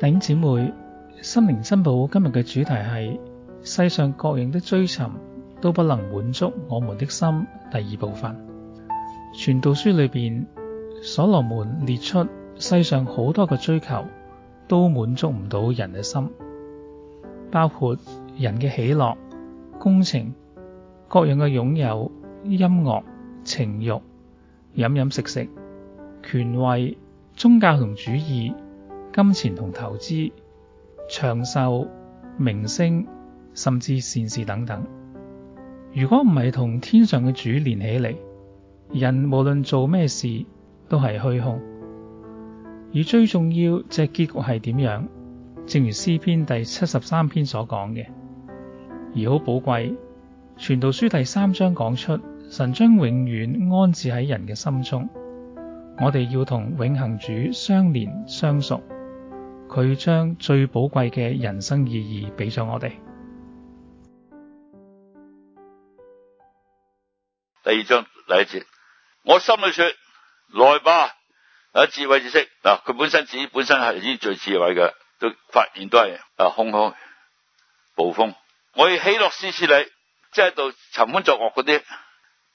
頂姐妹，心靈珍寶今日嘅主題係世上各樣的追尋都不能滿足我們的心。第二部分，傳道書裏邊，所羅門列出世上好多個追求都滿足唔到人嘅心，包括人嘅喜樂、工程、各樣嘅擁有、音樂、情欲、飲飲食食、權位、宗教同主義。金錢同投資、長壽、名聲，甚至善事等等，如果唔係同天上嘅主連起嚟，人無論做咩事都係虛空。而最重要，即係結局係點樣？正如詩篇第七十三篇所講嘅，而好寶貴。傳道書第三章講出，神將永遠安置喺人嘅心中。我哋要同永恆主相連相屬。佢將最寶貴嘅人生意義俾咗我哋。第二章第一節，我心裏說：來吧，啊智慧知識嗱，佢本身自己本身係已經最智慧嘅，都發現都係啊空空暴風。我以喜樂試試你，即係度尋歡作樂嗰啲，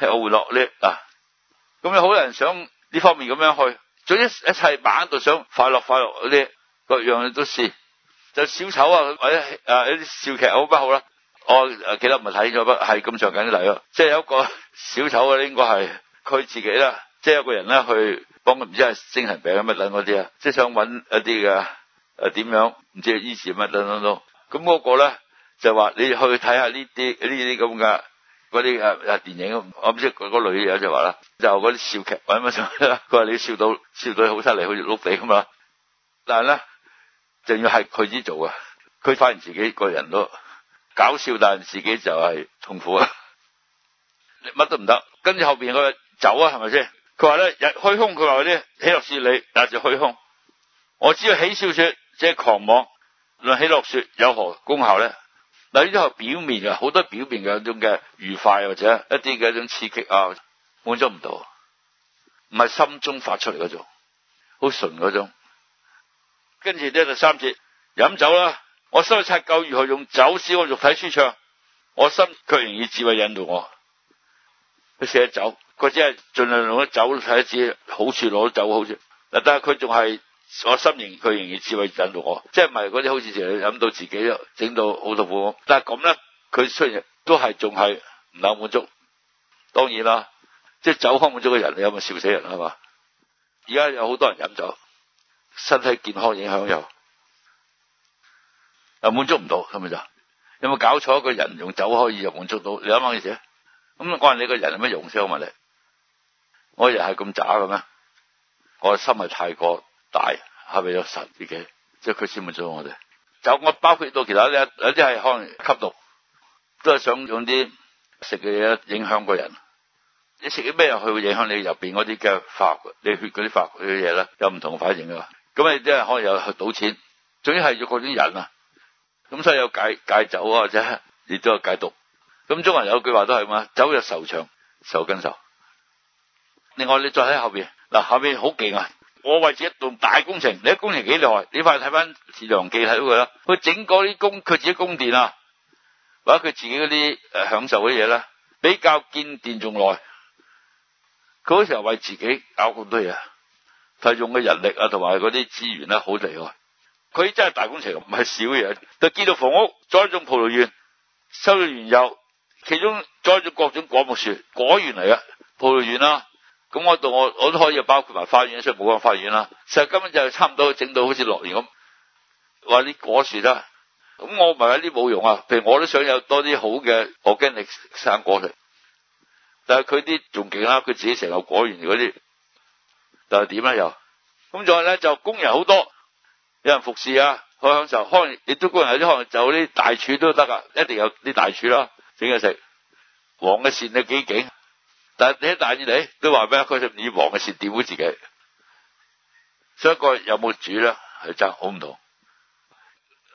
吃好玩樂嗰啲啊。咁有好多人想呢方面咁樣去，總之一切猛喺度想快樂快樂嗰啲。各樣嘢都試，就小丑啊，或者一啲、啊、笑劇好不好啦、啊？我誒、啊、記得唔係睇咗不，係咁長緊嚟例咯。即、就、係、是、有個小丑啊，應該係佢自己啦，即、就、係、是、有個人咧去幫唔知係精神病啊乜等嗰啲啊，即係想搵一啲嘅誒點樣，唔知以前乜等等。咁、那、嗰個咧就話你去睇下呢啲呢啲咁嘅嗰啲誒誒電影，我唔知嗰、那個女嘅就話啦，就嗰啲笑劇搵乜，佢話你要笑到笑到好犀利，好似碌地咁啊！但係咧。就要係佢啲做啊！佢發現自己個人都搞笑，但係自己就係痛苦啊！乜都唔得，跟住後邊佢走啊，係咪先？佢話咧，虛空。佢話啲喜樂說，你，但係就虛空。我只要嬉笑說，即係狂妄。論喜樂說有何功效咧？嗱，呢啲係表面嘅，好多表面嘅一種嘅愉快或者一啲嘅一種刺激啊，滿足唔到，唔係心中發出嚟嗰種，好純嗰種。跟住呢就三節，飲酒啦。我心裡察究，如何用酒使我肉體舒暢，我心卻仍以智慧引導我。佢食酒，佢只係盡量用咗酒睇下自己好處，攞酒好處。但係佢仲係我心卻仍以智慧引導我，即係唔係嗰啲好似淨係飲到自己咯，整到好痛苦。但係咁咧，佢雖然都係仲係唔肯滿足，當然啦，即係酒喝滿足嘅人，你有咪笑死人啦嘛。而家有好多人飲酒。身體健康影響又又滿足唔到，係咪就？有冇搞錯？一個人用酒可以又滿足到？你諗下件事，咁我話你個人有咩用先？我問你，我又係咁渣嘅咩？我心係太過大，係咪有神啲嘅？即係佢先滿足我哋酒。就我包括到其他有啲係可能吸毒，都係想用啲食嘅嘢影響個人。你食啲咩佢去會影響你入面嗰啲嘅化，你血嗰啲化學嘅嘢咧，有唔同嘅反應㗎嘛？咁啊，即係可能又去賭錢，總之係要嗰種人啊。咁所以有戒戒酒或者亦都有戒毒。咁中國人有句話都係嘛，酒入愁腸，愁更愁。另外你再睇後邊嗱，後邊好勁啊！我為自己動大工程，你啲工程幾耐？你快睇翻《列王記》睇到佢啦，佢整嗰啲宮，佢自己宮殿啊，或者佢自己嗰啲誒享受嗰啲嘢啦，比較建殿仲耐。佢嗰時候為自己搞咁多嘢。係用嘅人力啊，同埋嗰啲資源咧，好厲害。佢真係大工程，唔係小嘢，就建造房屋，栽種葡萄園，收咗完又，其中栽咗各種果木樹，果園嚟嘅葡萄園啦。咁我度我我都可以包括埋花園，所以冇講花園啦。其實根本就差唔多整到好似樂園咁，話啲果樹啦，咁我唔係話啲冇用啊。譬如我都想有多啲好嘅 organic 生果樹，但係佢啲仲勁啦，佢自己成個果園啲。就點啦又，咁再咧就工人好多，有人服侍啊，去享受，可能亦都工人有啲可能就啲大廚都得噶，一定有啲大廚啦，整嘢食，黃嘅線咧幾勁，但係你一大啲嚟都話咩佢就以黃嘅線墊好自己，所以個有冇煮咧係真係好唔同。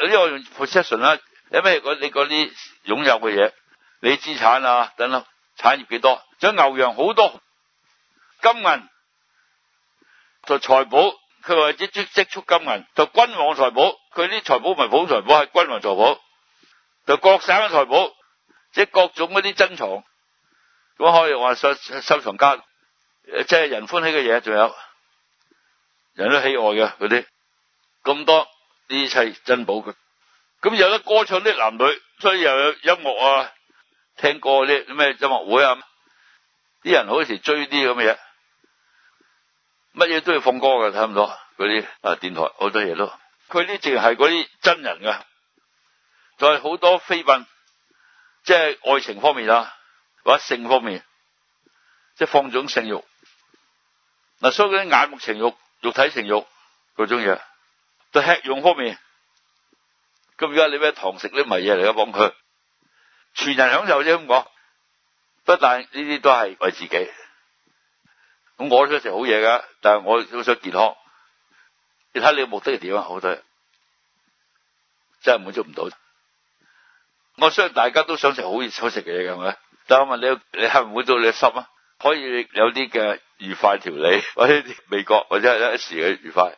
呢、這個用 possession 啦，因為你嗰啲擁有嘅嘢，你資產啊，等等產業幾多，將牛羊好多，金銀。就財寶，佢話啲積積蓄金銀；就君王財寶，佢啲財寶唔係普通財寶，係君王財寶；就各省嘅財寶，即係各種嗰啲珍藏。咁可以話收收藏家，即係人歡喜嘅嘢，仲有人都喜愛嘅嗰啲咁多呢一切珍寶。咁又有歌唱啲男女，所以又有音樂啊，聽歌啲咩音樂會啊，啲人好似追啲咁嘅嘢。乜嘢都要放歌嘅，差唔多嗰啲啊電台好多嘢都，佢啲淨係嗰啲真人噶，就係好多飛奔，即係愛情方面啦，或者性方面，即係放縱性欲嗱，所以嗰啲眼目情欲、肉體情欲，嗰種嘢。到吃用方面，咁而家你咩堂食啲唔係嘢嚟啊幫佢，全人享受啫咁講，不但呢啲都係為自己。咁我都想食好嘢噶，但係我都想健康。你睇你嘅目的係點啊？好多真係滿足唔到。我相信大家都想食好嘢、好食嘢嘅，係咪？但係我問你，你係滿足你嘅心啊？可以有啲嘅愉快調理，或者啲味覺，或者係一時嘅愉快。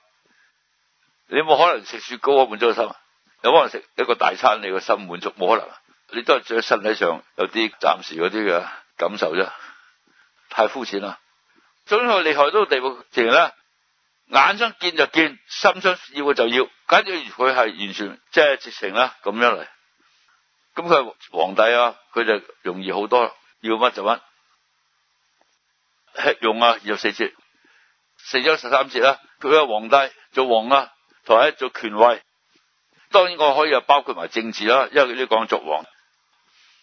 你冇可能食雪糕啊，滿足個心啊？有冇可能食一個大餐，你個心滿足？冇可能。你都係身體上有啲暫時嗰啲嘅感受啫，太膚淺啦。最厲害嗰地步，自然咧，眼睛見就見，心想要嘅就要，簡直佢係完全即係直情啦咁樣嚟。咁佢係皇帝啊，佢就容易好多，要乜就乜，吃用啊，二十四節，四章十三節啦、啊。佢係皇帝做王啊，同埋做權威。當然我可以啊，包括埋政治啦、啊，因為佢都要講作王。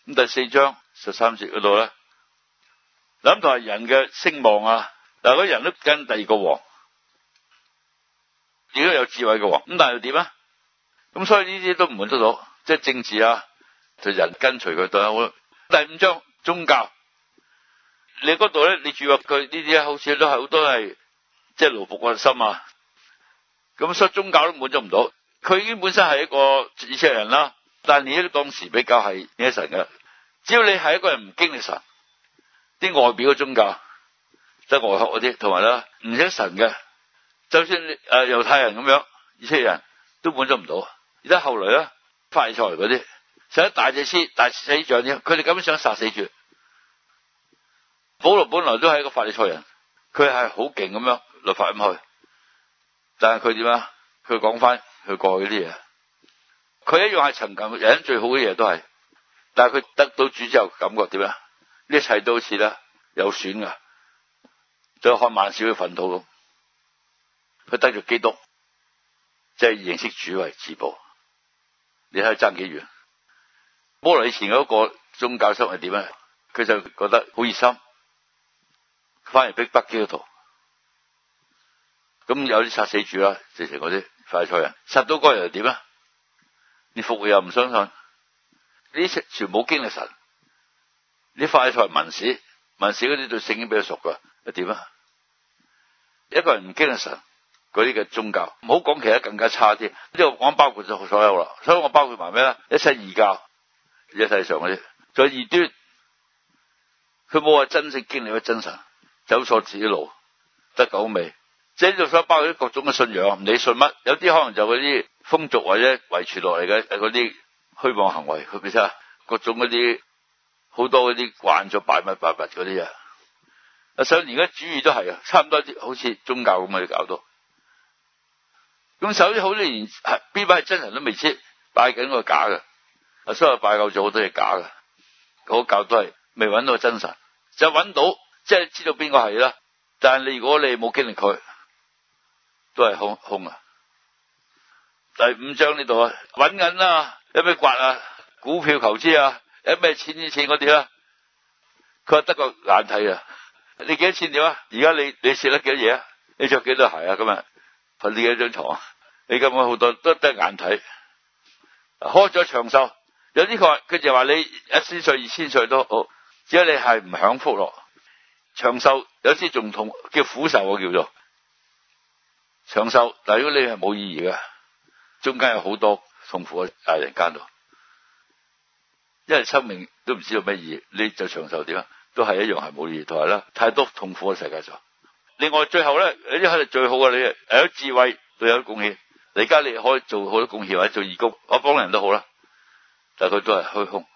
咁第四章十三節嗰度咧，諗到係人嘅聲望啊。但嗰人都跟第二個王，亦都有智慧嘅王，咁但係又點啊？咁所以呢啲都唔滿足到，即係政治啊，就人跟隨佢對啦。第五章宗教，你嗰度咧，你住入佢呢啲好似都係好多係即係奴僕嘅心啊。咁所以宗教都滿足唔到，佢已經本身係一個以色列人啦，但係你啲當時比較係認識神嘅，只要你係一個人唔經歷神，啲外表嘅宗教。即外學嗰啲，同埋咧唔信神嘅，就算你、呃、猶太人咁樣而且人，都滿足唔到。而家後來咧，法利賽嗰啲，想大祭司大祭司長啲，佢哋根本想殺死主。保羅本來都係一個法利賽人，佢係好勁咁樣律法咁去，但係佢點啊？佢講翻佢過去啲嘢，佢一樣係尋尋人最好嘅嘢都係，但係佢得到主之後感覺點啊？呢一切都好似咧有損㗎。佢看萬事去奮鬥，佢得着基督，即、就、係、是、認識主為至寶。你睇佢爭幾遠？保羅以前嗰個宗教生活係點咧？佢就覺得好熱心，反而逼迫基督徒。咁有啲殺死主啦，啊，直情嗰啲快菜人殺到嗰人又點呀？你服侍又唔相信，啲全冇經歷神。啲快菜人文士文士嗰啲對聖經比較熟噶，又點啊？一個人唔經歷神嗰啲嘅宗教，唔好講其他更加差啲。呢度講包括咗所有啦，所以我包括埋咩咧？一世異教、一世上嘅，再異端，佢冇話真正經歷咗真神，走錯自己路，得九味。即係呢度所包括啲各種嘅信仰，唔理信乜，有啲可能就嗰啲風俗或者遺傳落嚟嘅嗰啲虛妄行為，佢俾佢聽啊，各種嗰啲好多嗰啲慣咗拜乜拜乜嗰啲啊。我想而家主義都係啊，差唔多啲，好似宗教咁嘅搞到咁首先好多年係邊班係真人都未知，拜緊個假嘅。所以拜夠咗好多嘢假嘅。嗰教都係未搵到真神，就搵到即係知道邊個係啦。但係你如果你冇經歷佢，都係空空啊。第五章呢度啊，搵緊啊，有咩刮啊？股票投資啊，有咩錢錢嗰啲啊？佢話得個眼睇啊。你幾多錢點啊？而家你你食得幾多嘢啊？你着幾多，你穿多鞋啊？今日鋪幾多張床啊？你咁樣好多都得眼睇，開咗長壽。有啲佢話佢就話你一千歲二千歲都好，只係你係唔享福咯。長壽有啲仲痛叫苦壽我叫做長壽。但如果你係冇意義嘅，中間有好多痛苦喺人間度，因為生命都唔知道咩意義，你就長壽點啊？都係一樣係冇意義同埋啦，太多痛苦嘅世界上。另外最後咧，有啲喺最好嘅你，有智慧都有啲貢獻。你而家你可以做好多貢獻，或者做義工，我幫人都好啦。但係佢都係虛空，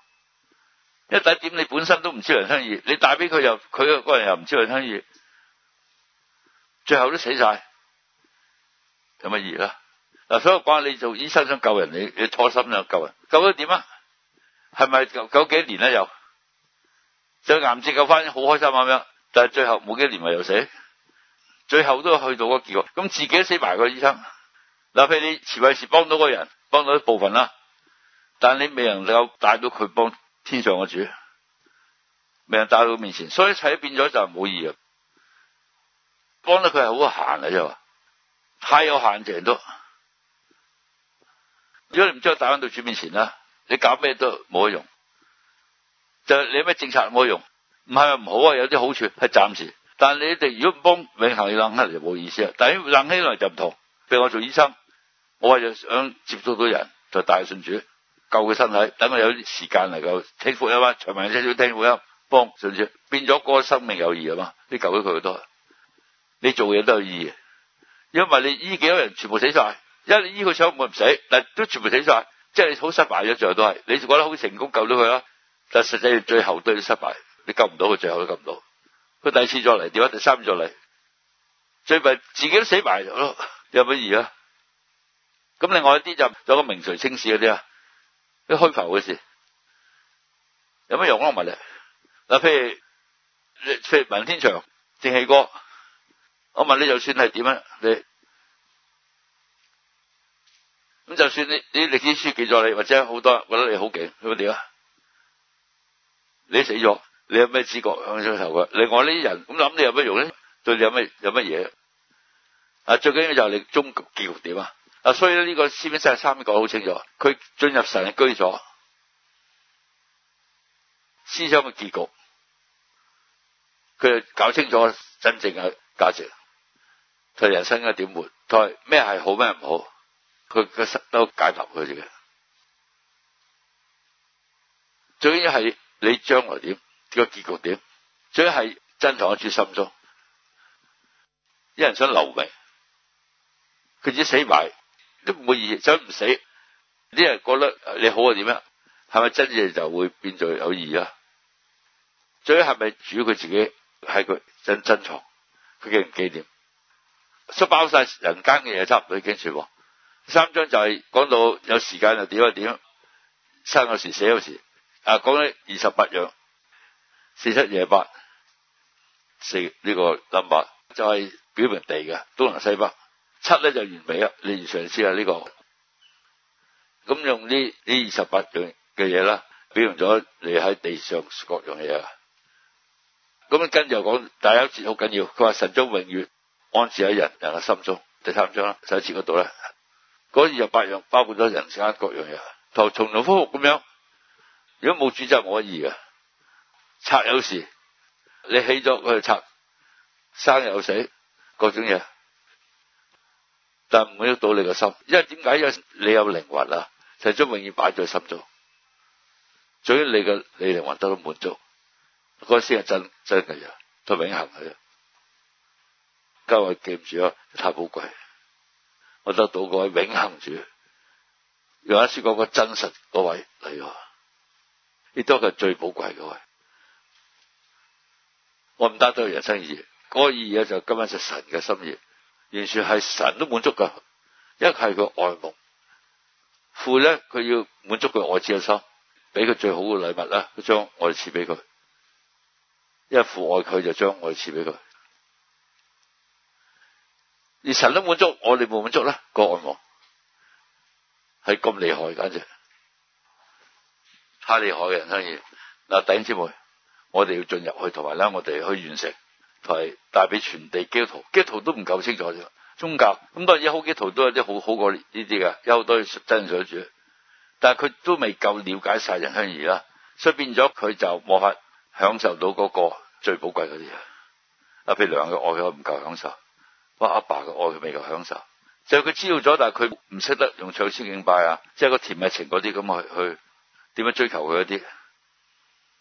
一第一點你本身都唔知人生意，你帶俾佢，又佢又嗰人又唔知人生意，最後都死晒，有乜意義啦？嗱，所以我講你做醫生想救人，你你初心想救人，救得點啊？係咪救幾年咧又？就癌症救翻，好開心咁樣。但係最後冇幾年咪又死，最後都去到個結果，咁自己死埋個醫生。嗱，譬如你慈惠時幫到個人，幫到一部分啦，但係你未能夠帶到佢幫天上嘅主，未能帶到佢面前，所以一切變咗就係冇意義。幫到佢係好閒嘅啫，太有限，成都。如果你唔將佢帶翻到主面前啦，你搞咩都冇用。你有咩政策冇用，唔係唔好啊，有啲好處係暫時。但係你哋如果唔幫永恆要冷起來就冇意思啊。但係冷起來就唔同。譬如我做醫生，我係就想接觸到人，就帶佢信主救佢身體，等佢有啲時間嚟夠聽福音啊，長命者少要聽福音，幫信主，變咗個生命有意義啊嘛。你救咗佢都係，你做嘢都有意義。如果唔係你醫幾多人全部死曬，一你醫佢搶我唔死，但都全部死晒，即係你好失敗咗。最後都係，你覺得好成功救咗佢啦。但實際上最後都要失敗，你救唔到佢，最後都救唔到。佢第二次再嚟點啊？第三次再嚟，最弊自己都死埋咗咯。有乜意啊？咁另外一啲就，有個名垂青史嗰啲啊，啲虛浮嘅事，有咩用啊？我問你嗱？譬如譬如文天祥正氣歌，我問你，就算係點啊？你咁就算你啲歷史書記咗你，或者好多覺得你好勁，會點啊？你死咗，你有咩資格享受嘅？另外呢啲人咁諗，你有乜用咧？對你有咩有乜嘢？啊，最緊要就係你終結局點啊！啊，所以呢個《詩篇》三十三講好清楚，佢進入神嘅居所，思想嘅結局，佢搞清楚真正嘅價值，佢人生嘅點活，佢咩係好，咩唔好，佢嘅實都解答佢嘅。最緊要係。你將來點，這個結局點？最係珍藏一注心中。啲人想留名，佢自己死埋都唔會意；想唔死，啲人覺得你好啊點樣？係咪真嘢就會變做有意啊？最係咪主佢自己喺佢想珍藏，佢記唔記念？出包晒人間嘅嘢，差唔多已經全部。三章就係講到有時間就點啊點，生有時死有時。啊，講緊二十八樣，四七廿八，四呢個 number 就係表明地嘅東南西北，七咧就完美啦。你嘗試下呢個，咁用呢呢二十八樣嘅嘢啦，表明咗你喺地上各樣嘢啊。咁啊，跟住又講，但係有一節好緊要，佢話神將永遠安置喺人人嘅心中。第三章啦，第一節嗰度咧，嗰二十八樣包括咗人間各樣嘢，同重重複複咁樣。如果冇主就唔可以嘅，拆有時，你起咗佢拆，生又死，各種嘢，但唔會喐到你個心，因為點解？因為你有靈魂啊，就將永遠擺在心中，總之你個你靈魂得到滿足，嗰時係真真嘅嘢，都永恆嘅。今日記唔住咗，太寶貴，我得到嗰位永恆主，用一次講個真實嗰位嚟。亦都係最寶貴嘅位，我唔達到人生意義，嗰、嗰個意義就是今晚就神嘅心意，完全係神都滿足噶。一係佢愛慕父咧，佢要滿足佢愛子嘅心，俾佢最好嘅禮物啦，佢將愛賜俾佢。因為父愛佢，就將愛賜俾佢。而神都滿足，我哋冇滿足啦。嗰個愛慕係咁厲害，簡直。太厲害嘅人生意嗱，弟兄姊妹，我哋要進入去，同埋咧，我哋去完成，同埋帶俾全地基督徒，基督徒都唔夠清楚嘅宗教咁，當然有好基督徒都有啲好好過呢啲噶，有好多真主主，但係佢都未夠了解晒人生意啦，所以變咗佢就冇法享受到嗰個最寶貴嗰啲嘢。阿貝良嘅愛佢唔夠享受，阿阿爸嘅愛佢未夠享受，就佢、是、知道咗，但係佢唔識得用唱詩敬拜啊，即、就、係、是、個甜蜜情嗰啲咁去去。點樣追求佢一啲？